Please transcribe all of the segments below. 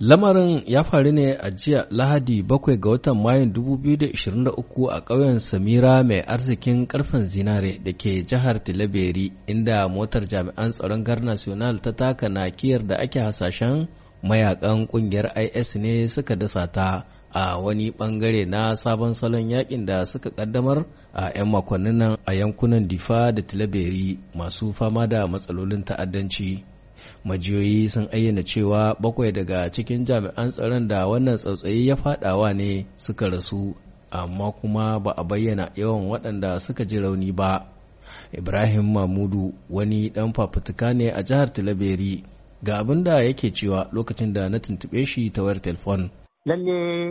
Lamarin ya faru ne a jiya Lahadi bakwai ga watan Mayun 2023 a ƙauyen Samira mai arzikin ƙarfen zinare da ke jihar Tilaberi inda motar jami'an tsaron gar national ta taka nakiyar da ake hasashen mayakan ƙungiyar IS ne suka dasa ta a wani bangare na sabon salon yakin da suka ƙaddamar a 'yan makonnin nan a yankunan Difa da Tilaberi masu fama da matsalolin ta'addanci. majiyoyi sun ayyana cewa bakwai daga cikin jami'an tsaron da wannan tsautsayi ya fadawa ne suka rasu amma kuma ba a bayyana yawan waɗanda suka ji rauni ba ibrahim mamudu wani ɗan fafutuka ne a jihar tilaberi ga abin da yake cewa lokacin da na tuntuɓe shi ta wayar telefon lalle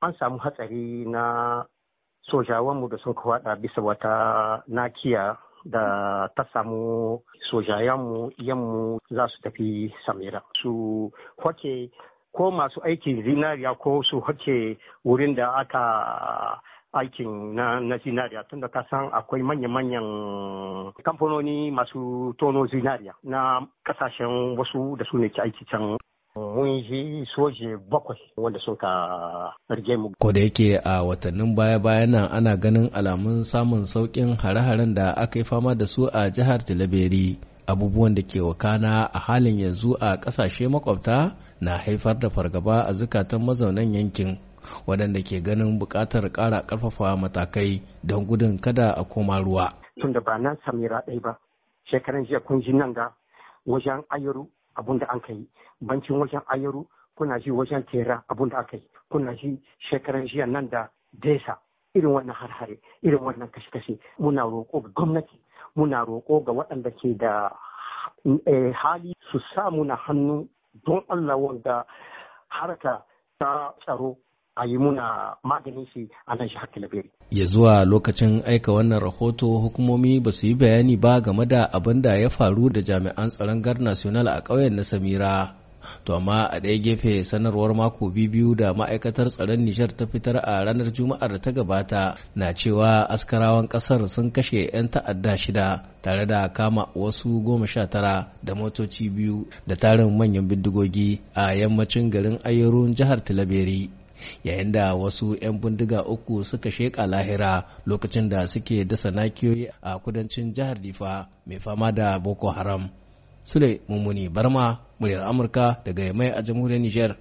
an samu hatsari na sojawanmu da sun kawaɗa bisa wata nakiya da ta samu sojayenmu yanmu za su tafi samira su hoke ko masu aikin zinariya ko su hoke wurin da aka aikin na, na zinariya tunda ka san akwai manya-manyan kamfanoni masu tono zinariya na kasashen wasu da su ne ke aiki can mun yi soje bakwai wanda sun ka rige mu. Ko da yake a watannin baya-bayan nan ana ganin alamun samun sauƙin hare-haren da aka yi fama da su a jihar Tilaberi. Abubuwan da ke wakana a halin yanzu a ƙasashe makwabta na haifar da fargaba a zukatan mazaunan yankin. waɗanda ke ganin buƙatar ƙara ƙarfafa matakai don gudun kada a koma ruwa. Tunda ba nan samira ɗai ba, shekaran jiya kun ji nan ga wajen ayaru abun da an kai bancin wajen ayaru kuna ji wajen tera abun da aka yi kuna ji shekaran jiya nan da desa irin wannan harhare irin wannan kashe-kashe muna roƙo ga gwamnati muna roƙo ga waɗanda ke da eh, hali su sa na hannu don Allah wanda harka ta tsaro a yi muna magani shi a nan shi Ya zuwa lokacin aika wannan rahoto hukumomi ba su yi bayani ba game da abin da ya faru da jami'an tsaron gar national a ƙauyen na Samira. To amma a ɗaya gefe sanarwar mako biyu da ma'aikatar tsaron Nijar ta fitar a ranar Juma'ar da ta gabata na cewa askarawan ƙasar sun kashe 'yan ta'adda shida tare da kama wasu goma sha tara da motoci biyu da tarin manyan bindigogi a yammacin garin Ayerun jihar Tilaberi. yayin da wasu 'yan bindiga uku suka sheƙa lahira lokacin da suke dasa nakiyoyi a kudancin jihar difa mai fama da boko haram sule mummuni barma muryar amurka daga mai a jamhuriyar niger